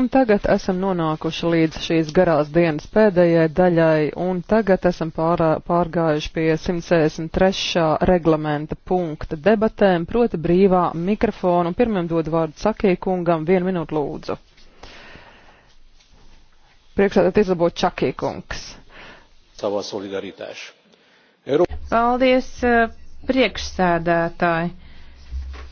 Un tagad esam nonākuši līdz šīs garās dienas pēdējai daļai, un tagad esam pārā, pārgājuši pie 163. reglamenta punkta debatēm, proti brīvā mikrofona, un pirmiem dod vārdu Sakī kungam, vienu minūtu lūdzu. Priekšsēdēt izlabo Čakī kungs. Savā solidaritāšu. Euro... Paldies, eh, priekšsēdētāji.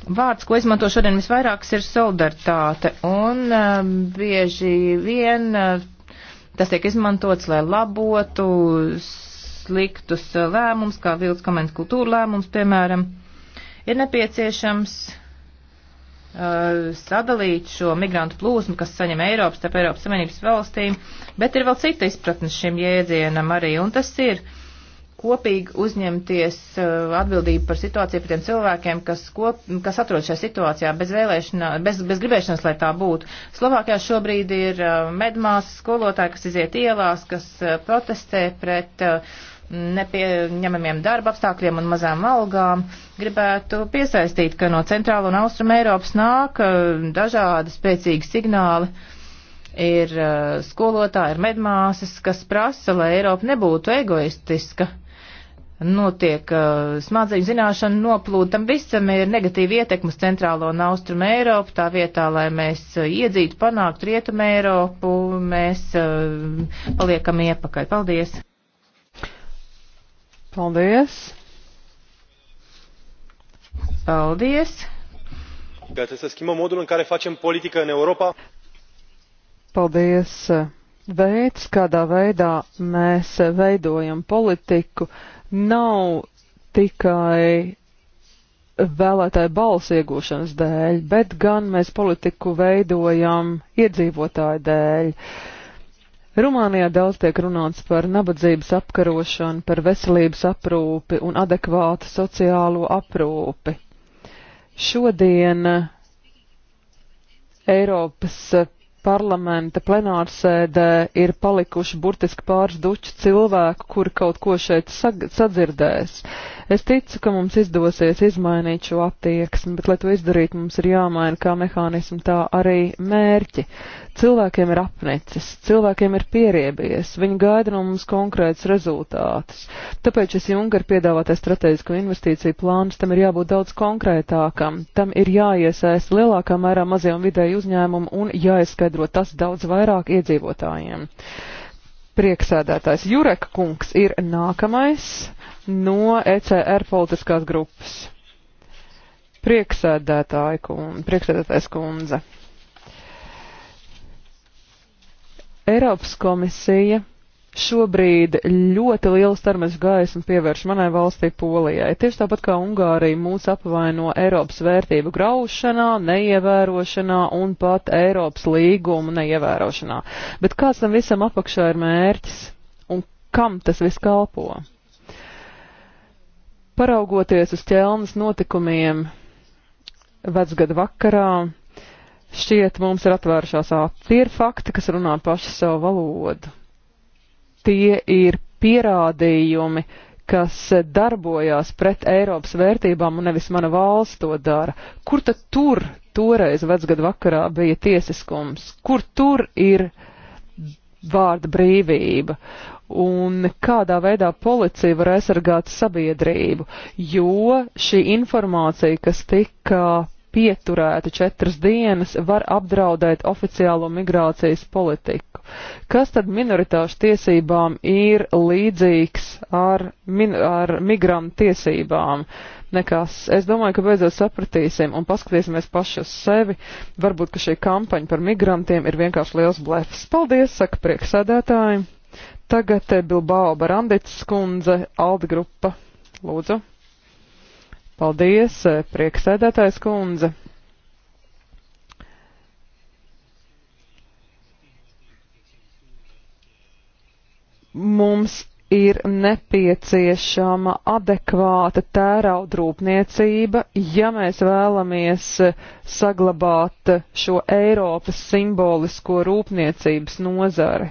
Vārds, ko izmanto šodien visvairākas, ir solidaritāte, un uh, bieži vien uh, tas tiek izmantots, lai labotu sliktus uh, lēmumus, kā vilts komens kultūra lēmums, piemēram. Ir nepieciešams uh, sadalīt šo migrantu plūsmu, kas saņem Eiropas, tāpēc Eiropas Savienības valstīm, bet ir vēl cita izpratne šim jēdzienam arī, un tas ir uh, kopīgi uzņemties uh, atbildību par situāciju par tiem cilvēkiem, kas, kop, kas atrodas šajā situācijā bez, bez, bez gribēšanas, lai tā būtu. Slovākijā šobrīd ir uh, medmāsas skolotāji, kas iziet ielās, kas uh, protestē pret nepieņemamiem darba apstākļiem un mazām algām. Gribētu piesaistīt, ka no centrāla un austruma Eiropas nāk dažādi spēcīgi signāli ir uh, skolotāji, ir medmāsas, kas prasa, lai Eiropa nebūtu egoistiska notiek uh, smadzeņu zināšanu noplūda, tam visam ir negatīva ietekme uz centrālo un austrumu Eiropu, tā vietā, lai mēs uh, iedzītu, panāktu rietumu Eiropu, mēs uh, paliekam iepakaļ. Paldies! Paldies! Paldies! Trebuie să schimbăm modul în care facem politică în Europa. Paldies! Veids, kādā veidā mēs veidojam politiku, uh, nav tikai vēlētāju balsu iegūšanas dēļ, bet gan mēs politiku veidojam iedzīvotāju dēļ. Rumānijā daudz tiek runāts par nabadzības apkarošanu, par veselības aprūpi un adekvātu sociālo aprūpi. Šodien Eiropas parlamenta plenārsēdē ir palikuši burtiski pāris duču cilvēku, kuri kaut ko šeit sadzirdēs. Es ticu, ka mums izdosies izmainīt šo attieksmi, bet, lai to izdarītu, mums ir jāmaina kā mehānismi, tā arī mērķi. Cilvēkiem ir apnicis, cilvēkiem ir pieriebies, viņi gaida no mums konkrēts rezultātus. Tāpēc šis Junker piedāvātais strateģisko investīciju plāns tam ir jābūt daudz konkrētākam, tam ir jāiesaist lielākā mērā mazie un vidēji uzņēmumi un jāizskaidro jāpaskaidro tas daudz vairāk iedzīvotājiem. Prieksēdētājs Jurek kungs ir nākamais no ECR politiskās grupas. Prieksēdētāja kundze. Prieksēdētājs kundze. Eiropas komisija šobrīd ļoti liels termešu gaismu pievērš manai valstī Polijai. Tieši tāpat kā Ungārija mūs apvaino Eiropas vērtību graušanā, neievērošanā un pat Eiropas līgumu neievērošanā. Bet kāds tam visam apakšā ir mērķis un kam tas viss kalpo? Paraugoties uz ķelnes notikumiem vecgada vakarā, šķiet mums ir atvērušās ātri fakti, kas runā paši savu valodu tie ir pierādījumi, kas darbojās pret Eiropas vērtībām un nevis mana valsts to dara. Kur tad tur toreiz vecgadu vakarā bija tiesiskums? Kur tur ir vārda brīvība? un kādā veidā policija var aizsargāt sabiedrību, jo šī informācija, kas tika pieturēta četras dienas, var apdraudēt oficiālo migrācijas politiku. Kas tad minoritāšu tiesībām ir līdzīgs ar, min, ar migrantu tiesībām? Nekas. Es domāju, ka beidzot sapratīsim un paskatīsimies paši uz sevi. Varbūt, ka šī kampaņa par migrantiem ir vienkārši liels blefs. Paldies, saka prieksēdētāji. Tagad eh, Bilbao Barandits skundze, Alda grupa. Lūdzu. Paldies, eh, prieksēdētājs kundze. mums ir nepieciešama adekvāta tēraudrūpniecība, ja mēs vēlamies saglabāt šo Eiropas simbolisko rūpniecības nozari.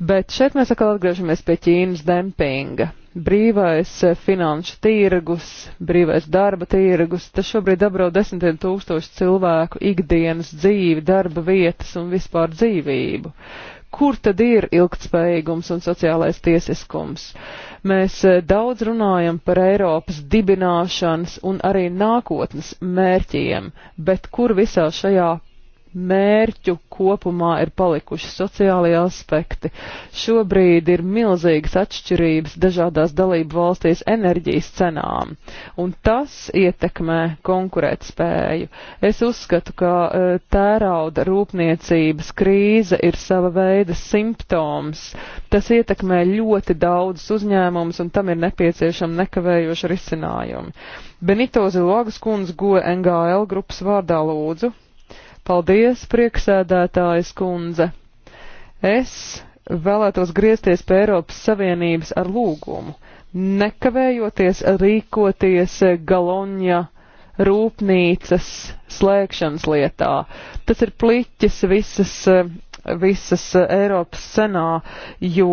Bet šeit mēs atkal atgriežamies pie Ķīnas dempinga. Brīvais eh, finanšu tirgus, brīvais darba tirgus, tas šobrīd apdraud desmitiem tūkstošu cilvēku ikdienas dzīvi, darba vietas un vispār dzīvību. Kur tad ir ilgtspējīgums un sociālais tiesiskums? Mēs eh, daudz runājam par Eiropas dibināšanas un arī nākotnes mērķiem, bet kur visā šajā mērķu kopumā ir palikuši sociālie aspekti. Šobrīd ir milzīgas atšķirības dažādās dalību valstīs enerģijas cenām, un tas ietekmē konkurētspēju. Es uzskatu, ka e, tērauda rūpniecības krīze ir sava veida simptoms. Tas ietekmē ļoti daudzus uzņēmumus, un tam ir nepieciešama nekavējoša risinājuma. Benito Zilogas kundze go NGL grupas vārdā lūdzu. Paldies, prieksēdētājas kundze. Es vēlētos griezties pie Eiropas Savienības ar lūgumu, nekavējoties rīkoties Galoņa rūpnīcas slēgšanas lietā. Tas ir pliķis visas visas Eiropas senā, jo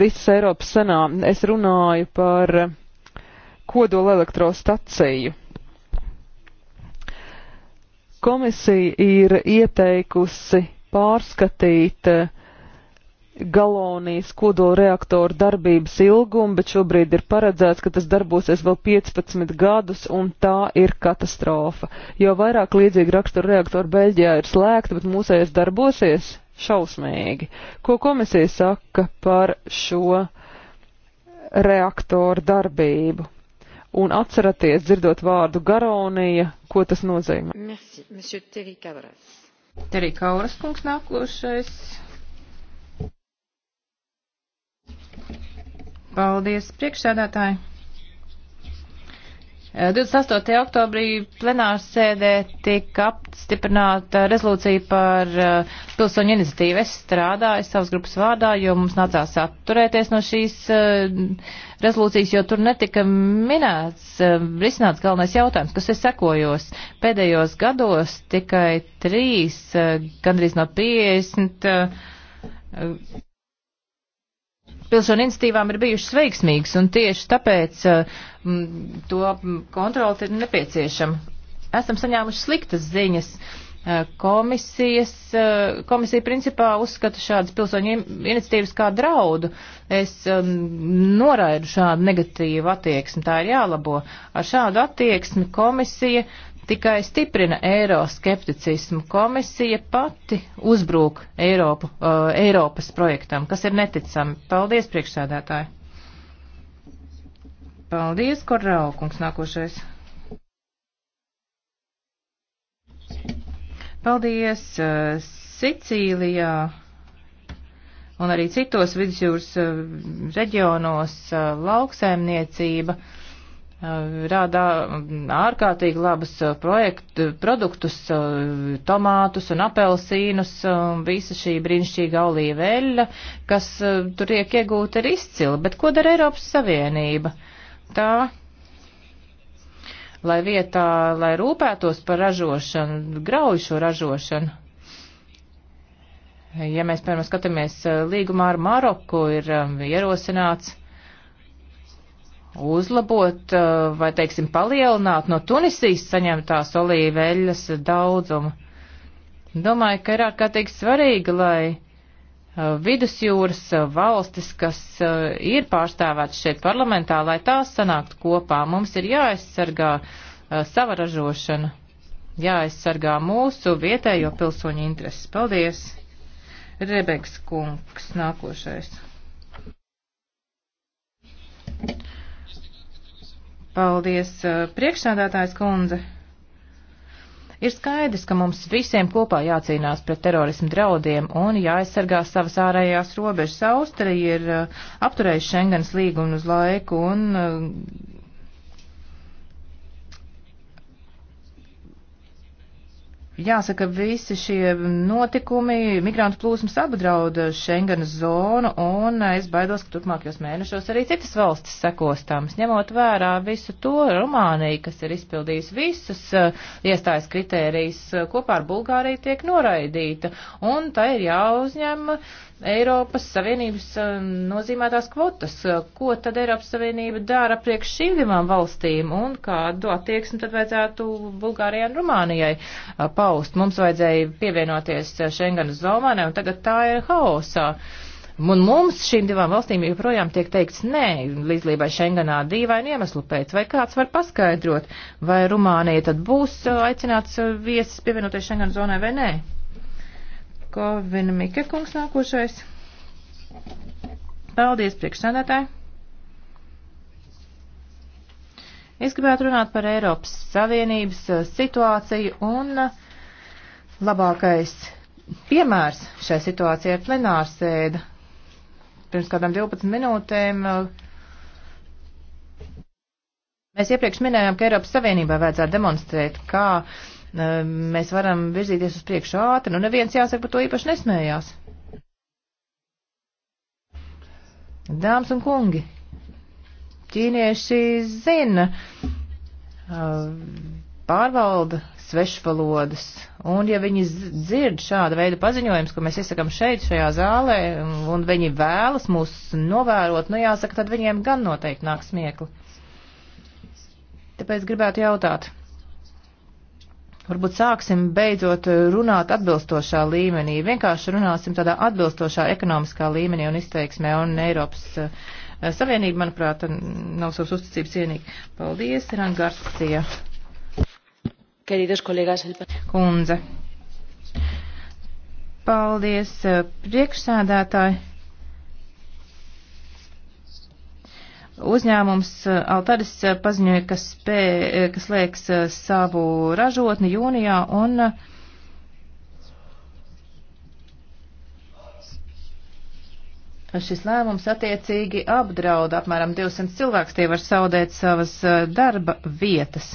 visas Eiropas senā es runāju par kodolelektrostaciju. Komisija ir ieteikusi pārskatīt eh, galonijas kodolreaktoru darbības ilgumu, bet šobrīd ir paredzēts, ka tas darbosies vēl 15 gadus, un tā ir katastrofa. Jo vairāk līdzīgi raksturu reaktoru Beļģijā ir slēgta, bet mūsējais darbosies šausmīgi. Ko komisija saka par šo reaktoru darbību? un atceraties, dzirdot vārdu garonija, ko tas nozīmē. Merci, Terī Kauras kungs nākošais. Paldies, priekšsēdētāji! 28. Eh, oktobrī plenārs sēdē tika apstiprināta rezolūcija par eh, pilsoņu iniciatīvu. Es strādāju savas grupas vārdā, jo mums nācās atturēties no šīs eh, rezolūcijas, jo tur netika minēts, risināts galvenais jautājums, kas ir sekojos. Pēdējos gados tikai trīs, gandrīz no 50 pilsoņu institīvām ir bijušas veiksmīgas, un tieši tāpēc eh, m, to kontroli ir nepieciešama. Esam saņēmuši sliktas ziņas. Eh, komisijas, eh, komisija principā uzskata šādas pilsoņu iniciatīvas kā draudu. Es noraidu šādu negatīvu attieksmi, tā ir jālabo. Ar šādu attieksmi komisija uh, tikai stiprina eiroskepticismu. Komisija pati uzbrūk Eiropu, uh, Eiropas projektam, kas ir neticami. Paldies, priekšsēdētāji. Paldies, Korraukungs, nākošais. Paldies, uh, Sicīlijā un arī citos vidusjūras uh, reģionos uh, lauksēmniecība. Uh, rādā ārkārtīgi labus eh, projektu, produktus, eh, tomātus un apelsīnus, eh, visa šī brīnišķīga olīveļa, kas tur tiek iegūta ir izcila, bet ko dara Eiropas Savienība? Tā, lai vietā, lai rūpētos par ražošanu, grauj šo ražošanu. Ja mēs, piemēram, skatāmies līgumā ar Maroku, ir ierosināts uzlabot eh, vai, teiksim, palielināt no Tunisijas saņemtās olīveļas daudzumu. Domāju, ka ir ārkārtīgi svarīgi, lai eh, vidusjūras valstis, kas eh, ir pārstāvētas šeit parlamentā, lai tās sanāktu kopā. Mums ir jāaizsargā sava ražošana, jāaizsargā mūsu vietējo pilsoņu intereses. Paldies! Rebeks kungs nākošais. Thank you. Paldies, priekšsādātājs kundze. Ir skaidrs, ka mums visiem kopā jācīnās pret terorismu draudiem un jāaizsargā savas ārējās robežas. Austrija ir apturējusi Schengens līgumu uz laiku un Jāsaka, visi šie notikumi, migrantu plūsmas apdraud Schengenas zonu, un es baidos, ka turpmākajos mēnešos arī citas valstis sekos tam. Ņemot vērā visu to Rumāniju, kas ir izpildījusi visus uh, iestājas kritērijas, uh, kopā ar Bulgāriju tiek noraidīta, un tā ir jāuzņem. Uh, Eiropas Savienības uh, nozīmētās kvotas. Uh, ko tad Eiropas Savienība dara priekš šīm divām valstīm un kādu attieksmi tad vajadzētu Bulgārijai un Rumānijai uh, paust? Mums vajadzēja pievienoties Schengenas zonai un tagad tā ir haosā. Un mums šīm divām valstīm joprojām tiek teikts nē, līdzlībai Schengenā dīvaini iemeslu pēc, vai kāds var paskaidrot, vai Rumānija tad būs aicināts viesis pievienoties Schengen zonai vai nē. Korvina Mika kungs nākošais. Paldies, priekšsēdētāji. Es gribētu runāt par Eiropas Savienības eh, situāciju un eh, labākais piemērs šai situācijai ir plenārsēda. Pirms kādām 12 minūtēm eh, mēs iepriekš minējām, ka Eiropas Savienībā vajadzētu demonstrēt, kā mēs varam virzīties uz priekšu ātri, nu neviens jāsaka par to īpaši nesmējās. Dāmas un kungi, ķīnieši zina, uh, pārvalda svešvalodas, un ja viņi dzird šāda veida paziņojums, ko mēs izsakam šeit, šajā zālē, un viņi vēlas mūs novērot, nu jāsaka, tad viņiem gan noteikti nāk smiekli. Tāpēc gribētu jautāt, Varbūt sāksim beidzot runāt atbilstošā līmenī. Vienkārši runāsim tādā atbilstošā ekonomiskā līmenī un izteiksmē un Eiropas eh, Savienība, manuprāt, nav savas uzticības cienīga. Paldies, Iran Garcija. Queridos kolēgas, Kundze. Paldies, eh, priekšsēdētāji. Uzņēmums eh, Altaris eh, paziņoja, ka, spē, eh, ka slēgs savu ražotni jūnijā un šis lēmums attiecīgi apdrauda apmēram 200 cilvēks, tie var saudēt savas darba vietas.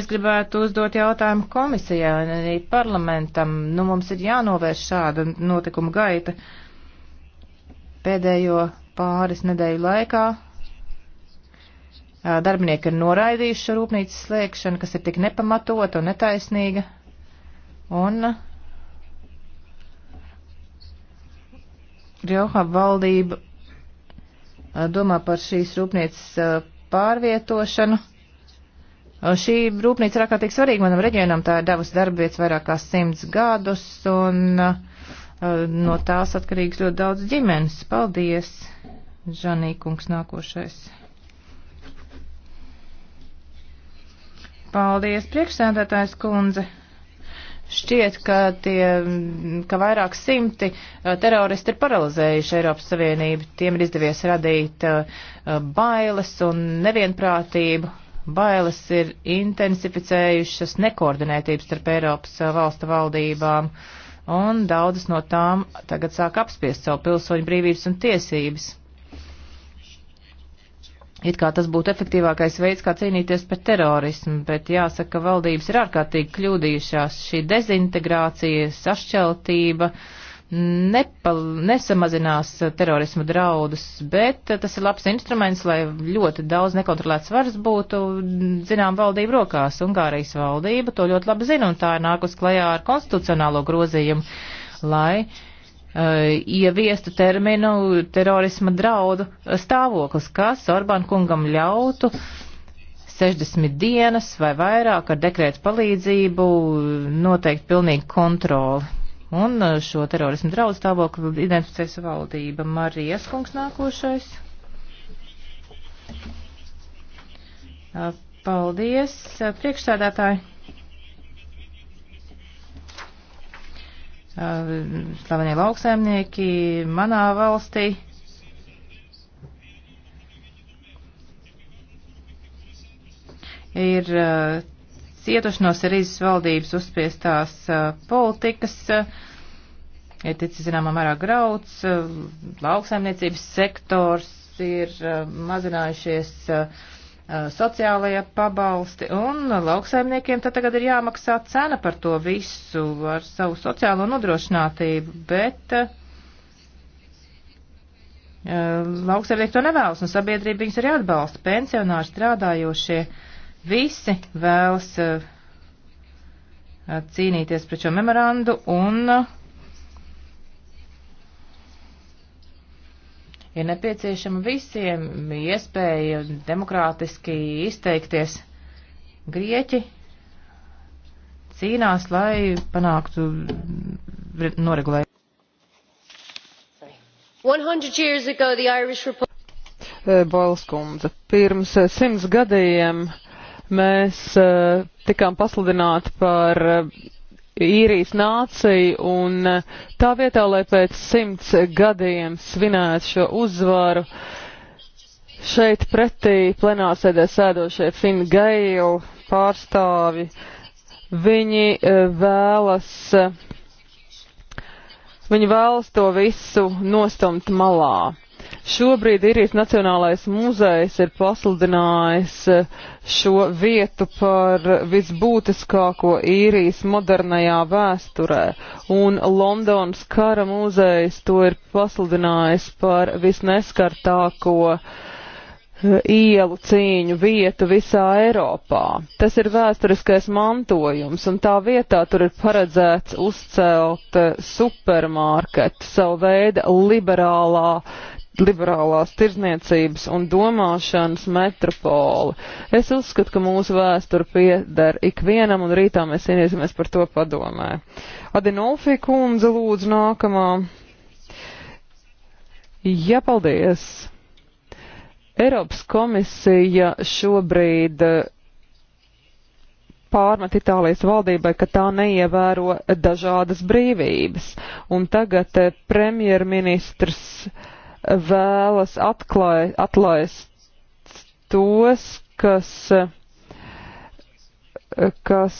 Es gribētu uzdot jautājumu komisijai un arī parlamentam. Nu, mums ir jānovērš šāda notikuma gaita. Uh, Pēdējo pāris nedēļu laikā darbinieki ir noraidījuši šo rūpnīcas slēgšanu, kas ir tik nepamatota un netaisnīga. Un Rioha valdība domā par šīs rūpnīcas pārvietošanu. Šī rūpnīca ir ārkārtīgi svarīga manam reģionam, tā ir devusi darbvietas vairāk kā simts gadus, un uh, Eh, no tās atkarīgs ļoti daudz ģimenes. Paldies, Žanīkungs, nākošais. Paldies, priekšsēdētājs kundze. Šķiet, ka, tie, ka vairāk simti eh, teroristi ir paralizējuši Eiropas Savienību. Tiem ir izdevies radīt eh, bailes un nevienprātību. Bailes ir intensificējušas nekoordinētības starp Eiropas valstu valdībām. Uh, un daudzas no tām tagad sāk apspiest savu pilsoņu brīvības un tiesības. It kā tas būtu efektīvākais veids, kā cīnīties pret terorismu, bet jāsaka, ka valdības ir ārkārtīgi kļūdījušās. Šī dezintegrācija, sašķeltība, uh, nepal, nesamazinās terorismu draudus, bet tas ir labs instruments, lai ļoti daudz nekontrolēts varas būtu, zinām, valdību rokās. Ungārijas valdība to ļoti labi zina, un tā ir nākus klajā ar konstitucionālo grozījumu, lai uh, ieviestu terminu terorisma draudu stāvoklis, kas Orbán kungam ļautu 60 dienas vai vairāk ar dekrētu palīdzību noteikt pilnīgi kontroli Un eh, šo terorismu draudu stāvokli identificēs valdība. Marijas kungs nākošais. Eh, paldies, eh, priekšsēdētāji. Slavenie lauksēmnieki manā valstī. Ir cietuši no Sirīzes valdības uzspiestās politikas, ir ticis zināmā mērā grauds, lauksaimniecības sektors ir mazinājušies sociālajie pabalsti, un lauksaimniekiem tad tagad ir jāmaksā cena par to visu ar savu sociālo nodrošinātību, bet lauksaimnieki to nevēlas, un sabiedrība viņus arī atbalsta, pensionāri strādājošie. Uh, Visi vēlas eh, cīnīties pret šo memorandu un eh, ir nepieciešama visiem iespēja demokrātiski izteikties. Grieķi cīnās, lai panāktu noregulējumu. 100 years ago the Irish Republic. Eh, Boilskundze, pirms simts gadiem mēs uh, tikām pasludināti par uh, īrijas nāciju, un eh, tā vietā, lai pēc simts gadiem svinētu šo uzvaru, šeit pretī plenārsēdē sēdošie Finn Gailu pārstāvi, viņi vēlas, viņi vēlas to visu nostumt malā. Šobrīd Irijas Nacionālais muzejs ir pasludinājis eh, šo vietu par visbūtiskāko īrijas modernajā vēsturē, un Londonas kara muzejs to ir pasludinājis par visneskartāko eh, ielu cīņu vietu visā Eiropā. Tas ir vēsturiskais mantojums, un tā vietā tur ir paredzēts uzcelt eh, supermarketu, savu veidu liberālā liberālās tirzniecības un domāšanas metropoli. Es uzskatu, ka mūsu vēsture pieder ikvienam, un rītā mēs cīnīsimies par to padomē. Adinolfi kundze lūdzu nākamā. Jā, ja, paldies! Eiropas komisija šobrīd eh, pārmet Itālijas valdībai, ka tā neievēro dažādas brīvības. Un tagad eh, premjerministrs uh, vēlas atklāj, atlaist tos, kas, kas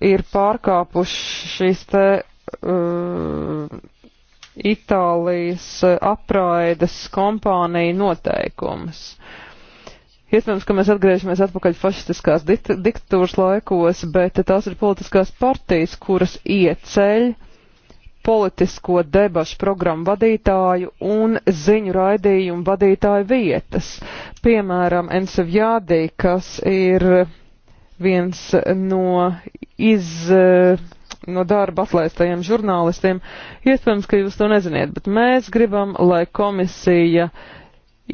ir pārkāpuši šīs te uh, Itālijas apraides kompānija noteikumus. Iespējams, ka mēs atgriežamies atpakaļ fašistiskās dikt diktatūras laikos, bet tās ir politiskās partijas, kuras ieceļ uh, politisko debašu programmu vadītāju un ziņu raidījumu vadītāju vietas. Piemēram, Ensevjādī, kas ir viens no iz no darba atlaistajiem žurnālistiem. Iespējams, ka jūs to neziniet, bet mēs gribam, lai komisija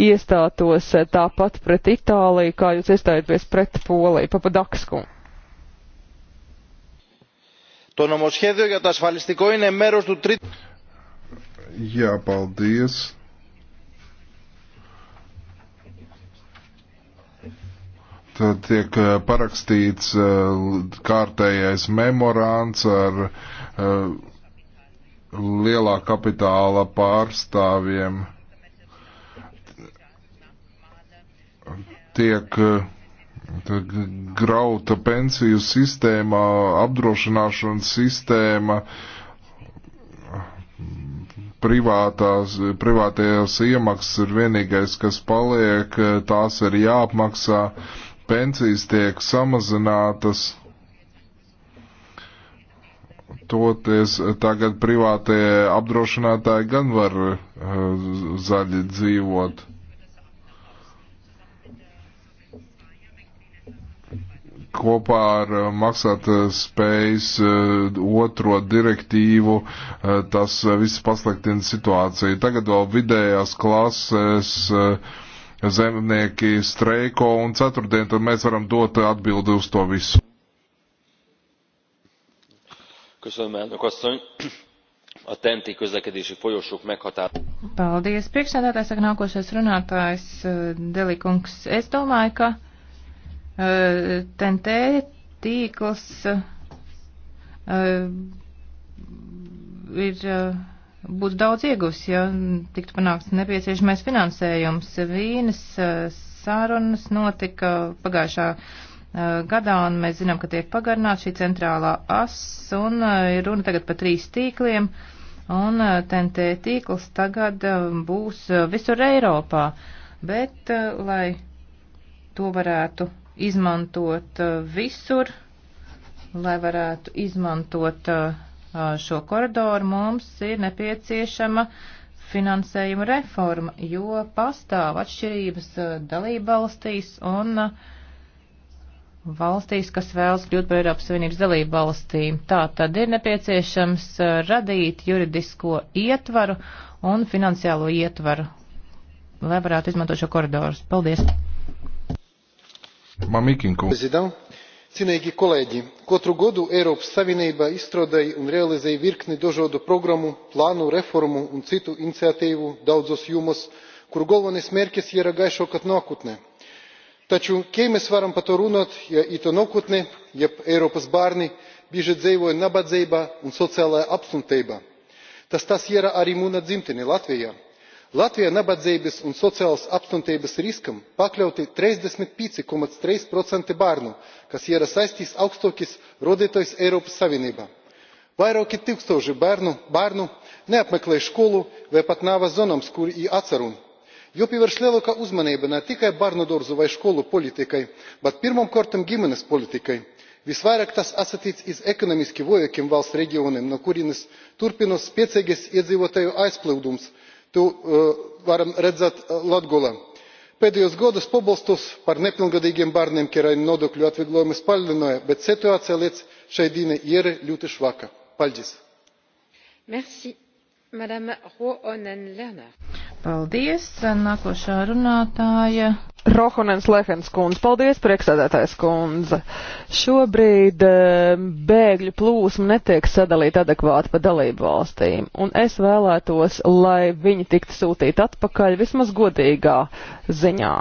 iestātos tāpat pret Itāliju, kā jūs iestājāties pret Poliju, papadakskunu. Το νομοσχέδιο για το ασφαλιστικό είναι μέρος του τρίτου... Jā, paldies. Tad tiek parakstīts kārtējais memorāns ar e, lielā kapitāla pārstāvjiem. Tiek e, grauta pensiju sistēma, apdrošināšanas sistēma, privātās, privātajās iemaksas ir vienīgais, kas paliek, tās ir jāapmaksā, pensijas tiek samazinātas. Toties tagad privātie apdrošinātāji gan var uh, zaļi dzīvot. Uh, kopā ar eh, maksāt eh, spējas eh, otro direktīvu, tas viss pasliktina situāciju. Tagad vēl vidējās klases zemnieki streiko un ceturtdien, tad mēs varam dot atbildi uz to visu. Köszönöm, elnök asszony! a TENTI közlekedési folyosók meghatározása. Paldies, priekšsēdētājs, nākošais runātājs Delikungs. Es domāju, ka TNT eh, tīkls eh, ir eh, būtu daudz ieguvis, ja tiktu panākts nepieciešamais finansējums. Vīnes sārunas notika pagājušā gadā, un mēs zinām, ka tiek pagarināta šī centrālā as, un ir runa tagad par trīs tīkliem, un TNT tīkls tagad būs visur Eiropā. Bet, lai to varētu izmantot uh, visur, lai varētu izmantot uh, uh, šo koridoru, mums ir nepieciešama finansējuma reforma, jo pastāv atšķirības dalība valstīs un valstīs, kas vēlas kļūt par Eiropas Savienības dalību valstīm. Tā tad ir nepieciešams radīt juridisko ietvaru un finansiālo ietvaru, lai varētu izmantot šo koridorus. Paldies! Mamikins. Cienīgi kolēģi, katru gadu Eiropas Savienība izstrādāja un realizēja virkni dažādu programmu, plānu, reformu un citu iniciatīvu daudzos jomos, kuru galvenais mērķis ir gaišāka nākotne. Taču, kā mēs varam par to runāt, ja ito nākotne, ja Eiropas bērni bieži dzīvoja nabadzībā un sociālajā apstumtībā? Tas tas ir arī mūna dzimtenē Latvijā latvijā nabadzības un sociālas atstumtības riskam pakļauti trisdešimt pieci trīs bērnu kas yra saistis augstākais rādītājs eiropas savienībā. vairāki tūkstoši bērnu neapmeklē skolu vai pat nav zonas kur ir atsarun. jāpievērš lielāka uzmanība ne tikai bērnu dārzu vai skolu politikai bet pirmām kārtām ģimenes politikai. visvairāk tas atsaistīts uz ekonomiski vājākiem valsts reģioniem no kurienes turpinās spēcīgais iedzīvotāju aizplūdums tu e, varam redzēt e, latgolē pēdējos gados pabalstus par nepilngadīgiem bērniem kerainu nodokļu atvieglojumus palielināja bet situācija līdz šai dienai ir ļoti švaka. paldies! Paldies. Nākošā runātāja. Rohonens Lehens kundze, paldies, priekšsēdētājs kundze. Šobrīd eh, bēgļu plūsma netiek sadalīta adekvāti pa dalību valstīm, un es vēlētos, lai viņi tiktu sūtīti atpakaļ vismaz godīgā ziņā.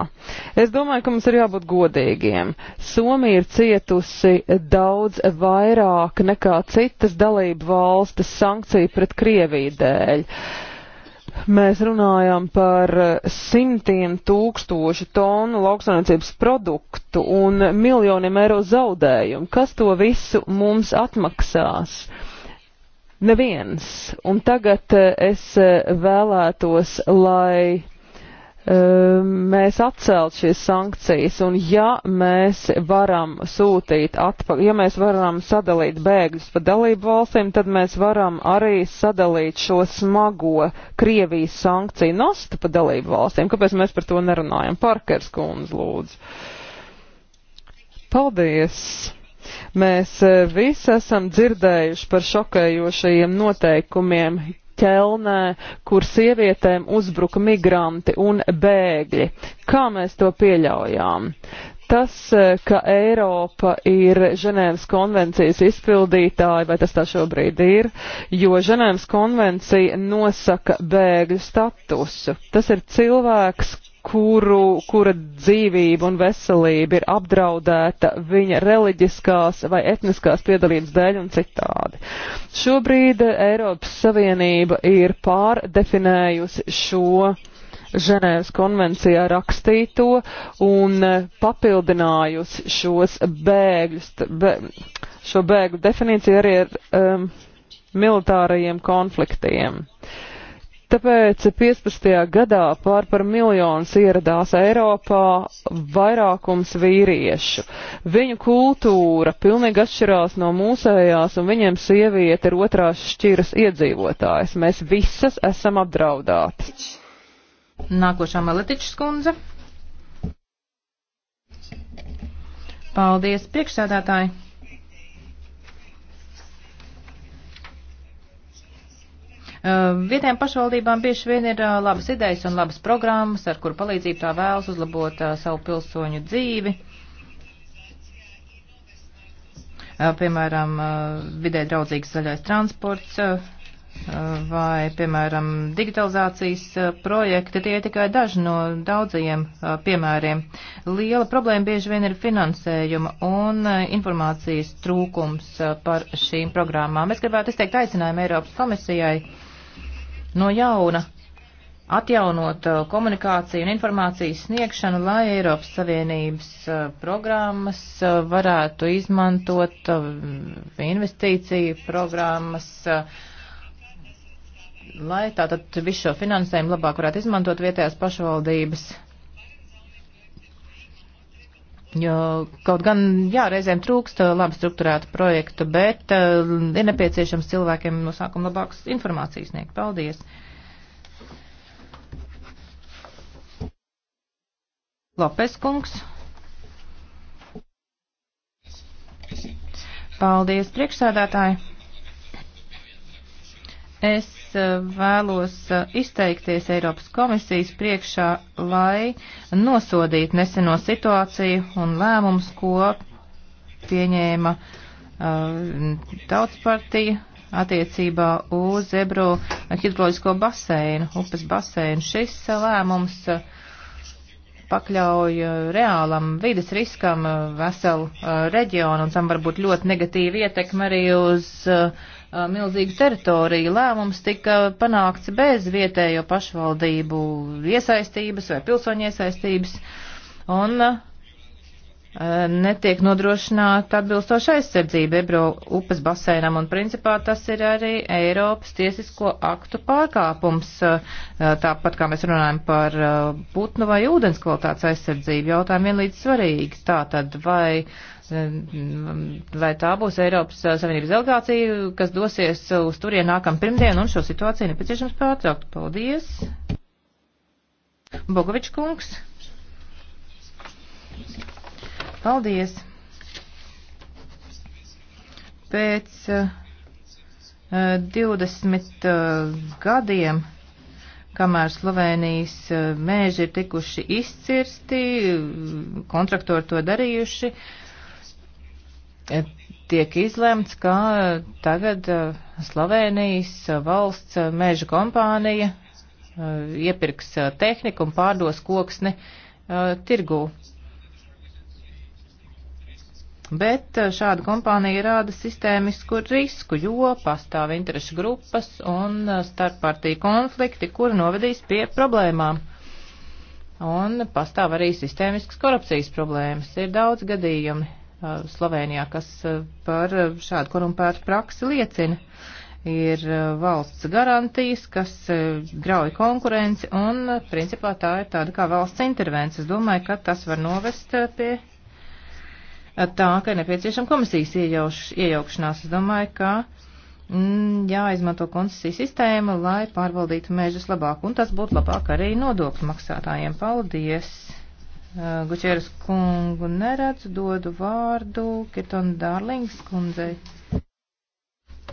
Es domāju, ka mums ir jābūt godīgiem. Somija ir cietusi daudz vairāk nekā citas dalību valstis sankciju pret Krieviju dēļ. Uh, mēs runājam par simtiem tūkstošu tonu lauksaimniecības produktu un miljoniem eiro zaudējumu. Kas to visu mums atmaksās? Neviens. Un tagad es vēlētos, lai Ehm, mēs atcelt šīs sankcijas, un ja mēs varam sūtīt atpakaļ, ja mēs varam sadalīt bēgļus pa dalību valstīm, tad mēs varam arī sadalīt šo smago Krievijas sankciju nostu pa dalību valstīm. Kāpēc mēs par to nerunājam? Parkers kundz lūdzu. Paldies! Mēs eh, visi esam dzirdējuši par šokējošajiem noteikumiem ķelnē, kur sievietēm uzbruka migranti un bēgļi. Kā mēs to pieļaujām? Tas, e, ka Eiropa ir Ženēvas konvencijas izpildītāja, vai tas tā šobrīd ir, jo Ženēvas konvencija nosaka bēgļu statusu. Tas ir cilvēks, kuru, kura dzīvība un veselība ir apdraudēta viņa reliģiskās vai etniskās piedalības dēļ un citādi. Šobrīd Eiropas Savienība ir pārdefinējusi šo Ženēvas konvencijā rakstīto un papildinājusi šos bēgļus, bē, šo bēgļu definīciju arī ar um, militārajiem konfliktiem. Tāpēc 15. gadā pār par miljonus ieradās Eiropā vairākums vīriešu. Viņu kultūra pilnīgi atšķirās no mūsējās, un viņiem sieviete ir otrās šķiras iedzīvotājs. Mēs visas esam apdraudātas. Nākošā Maletičs kundze. Paldies, priekšsēdētāji! Vietējām pašvaldībām bieži vien ir labas idejas un labas programmas, ar kuru palīdzību tā vēlas uzlabot savu pilsoņu dzīvi piemēram, vidē draudzīgs zaļais transports vai, piemēram, digitalizācijas projekti. Tie ir tikai daži no daudzajiem piemēriem. Liela problēma bieži vien ir finansējuma un informācijas trūkums par šīm programmām. Es gribētu izteikt aicinājumu Eiropas komisijai no jauna atjaunot uh, komunikāciju un informācijas sniegšanu, lai Eiropas Savienības uh, programmas uh, varētu izmantot investīciju programmas, lai tātad visu šo finansējumu labāk varētu izmantot vietējās pašvaldības Jo, kaut gan, jā, reizēm trūkst eh, labi strukturētu projektu, bet uh, ir nepieciešams cilvēkiem no sākuma labākas informācijas sniegt. Paldies! Lopes kungs. Paldies, priekšsēdētāji! Es eh, vēlos eh, izteikties Eiropas komisijas priekšā, lai nosodītu neseno situāciju un lēmumus, ko pieņēma uh, tautspartija attiecībā uz Ebro hidroloģisko baseinu, upes baseinu. Šis lēmums pakļauj reālam vides riskam veselu uh, reģionu un tam varbūt ļoti negatīva ietekme arī uz uh, Uh, milzīgu teritoriju. Lēmums tika panākts bez vietējo pašvaldību iesaistības vai pilsoņu iesaistības un uh, netiek nodrošināta atbilstoša aizsardzība Ebro upes basēnam, un principā tas ir arī Eiropas tiesisko aktu pārkāpums, uh, tāpat kā mēs runājam par putnu vai ūdens kvalitātes aizsardzību, jautājumi vienlīdz svarīgi. Tātad vai uh, vai tā būs Eiropas Savienības delegācija, kas dosies uz turien nākam pirmdien un šo situāciju nepieciešams pārtraukt. Paldies. Bogovičs kungs. Paldies. Pēc uh, 20 uh, gadiem kamēr Slovenijas eh, mēži ir tikuši izcirsti, eh, kontraktori to darījuši, uh, tiek izlemts, ka tagad uh, Slovenijas uh, valsts uh, meža kompānija iepirks tehniku un pārdos koksni tirgū. Bet šāda kompānija rāda sistēmisku risku, jo pastāv interešu grupas un starppartiju konflikti, kuri novedīs pie problēmām. Un pastāv arī sistēmiskas korupcijas problēmas. Ir daudz gadījumi, Uh, Slovenijā, kas uh, par uh, šādu korumpētu praksi liecina. Ir valsts garantijas, kas grauj konkurenci, un principā tā ir tāda kā valsts intervence. Es domāju, ka tas var novest pie tā, ka ir nepieciešama komisijas iejauš, iejaukšanās. Es domāju, ka mm, jāizmanto koncesijas sistēma, lai pārvaldītu mēžus labāk, un tas būtu labāk arī nodokļu maksātājiem. Paldies! Uh, Gučēras kungu neredzu, dodu vārdu Kirtona Dārlings kundzei.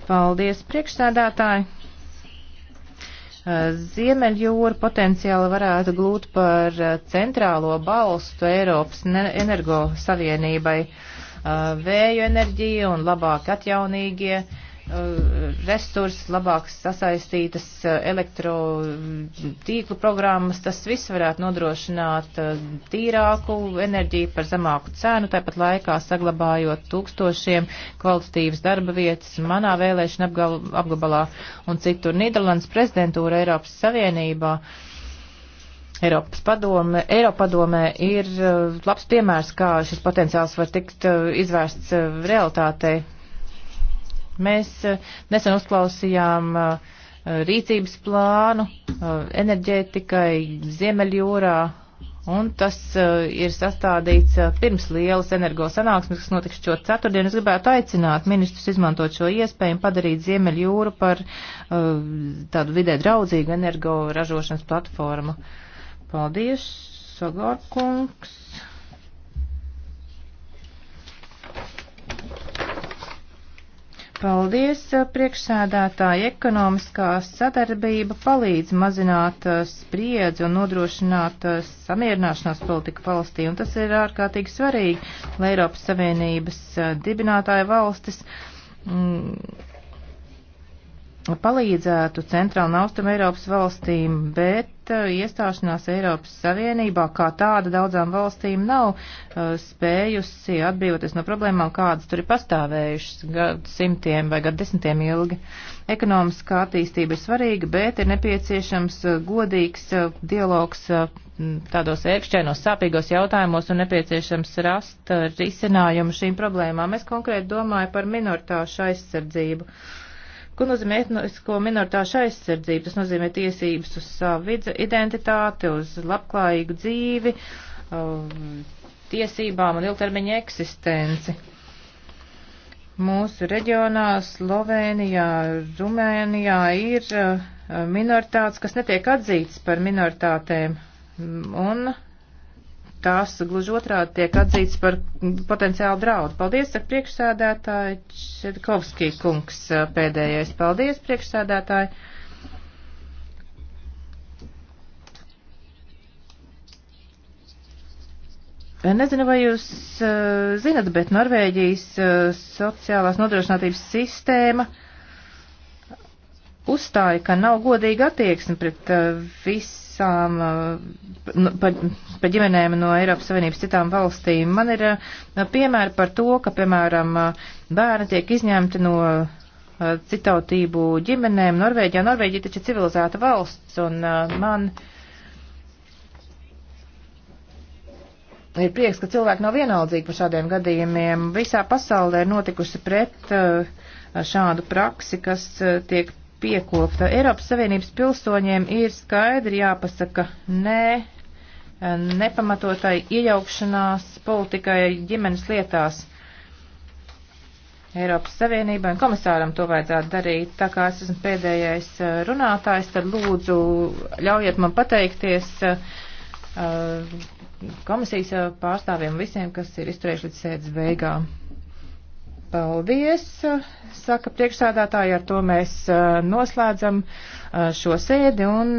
Paldies, priekšsēdētāji! Uh, Ziemeļjūra potenciāli varētu glūt par uh, centrālo balstu Eiropas energo savienībai. Vēju enerģija un labāk atjaunīgie uh, Uh, resursi, labākas sasaistītas uh, elektrotīklu programmas, tas viss varētu nodrošināt uh, tīrāku enerģiju par zemāku cenu, tāpat laikā saglabājot tūkstošiem kvalitatīvas darba vietas manā vēlēšana apgal, apgabalā un citur. Nīderlandes prezidentūra Eiropas Savienībā. Eiropas padome, Eiropa padomē ir labs piemērs, kā šis potenciāls var tikt izvērsts realitātei Mēs eh, nesen uzklausījām eh, rīcības plānu eh, enerģētikai Ziemeļjūrā, un tas ir sastādīts pirms lielas energo sanāksmes, kas notiks šo ceturtdienu. Es gribētu aicināt ministrus izmantot šo iespēju un padarīt Ziemeļjūru par tādu vidē draudzīgu energo ražošanas platformu. Paldies, Sagorkungs! Paldies, eh, priekšsēdētāji. Ekonomiskā sadarbība palīdz mazināt eh, spriedzi un nodrošināt eh, samierināšanās politiku valstī, un tas ir ārkārtīgi svarīgi, lai Eiropas Savienības dibinātāja valstis. Mm, palīdzētu Centrāla un Austrum Eiropas valstīm, bet uh, iestāšanās Eiropas Savienībā kā tāda daudzām valstīm nav uh, spējusi atbrīvoties no problēmām, kādas tur ir pastāvējušas gadsimtiem vai gadsimtiem ilgi. Ekonomiskā attīstība ir svarīga, bet ir nepieciešams uh, godīgs uh, dialogs tādos ērkšķainos sāpīgos jautājumos un nepieciešams rast risinājumu šīm problēmām. Es konkrēti domāju par minoritāšu aizsardzību. Uh, Ko nozīmē etnisko minoritāšu aizsardzība? Tas nozīmē tiesības uz savu identitāti, uz labklājīgu dzīvi, um, tiesībām un ilgtermiņa eksistenci. Mūsu reģionā, Slovenijā, Rumēnijā ir uh, minoritātes, kas netiek atzītas par minoritātēm, un tās gluži otrādi tiek atzīts par potenciālu draudu. Paldies, saka priekšsēdētāji Četkovskī kungs pēdējais. Paldies, priekšsēdētāji. Nezinu, vai jūs uh, zinat, bet Norvēģijas uh, sociālās nodrošinātības sistēma uzstāja, ka nav godīga attieksme pret uh, visu visām, eh, nu, pa, pa ģimenēm no Eiropas Savienības citām valstīm. Man ir eh, piemēri par to, ka, piemēram, eh, bērni tiek izņemti no citautību ģimenēm Norvēģijā. Norvēģija taču ir civilizēta valsts, un man ir prieks, ka cilvēki nav vienaldzīgi par šādiem gadījumiem. Visā pasaulē ir notikusi pret šādu praksi, kas tiek piekopta. Eiropas Savienības pilsoņiem ir skaidri jāpasaka nē nepamatotai iejaukšanās politikai ģimenes lietās. Eiropas Savienībai un komisāram to vajadzētu darīt. Tā kā es esmu pēdējais eh, runātājs, tad lūdzu ļaujiet man pateikties eh, komisijas eh, pārstāvjiem visiem, kas ir izturējuši līdz sēdes beigām. Paldies, saka priekšsādātāji, ar to mēs noslēdzam šo sēdi un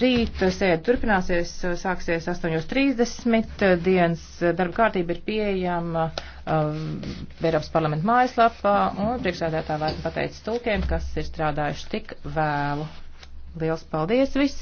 rīt sēdi turpināsies, sāksies 8.30, dienas darba kārtība ir pieejama Eiropas parlamenta mājaslapā un priekšsādātāji vēl pateica stulkiem, kas ir strādājuši tik vēlu. Liels paldies visiem!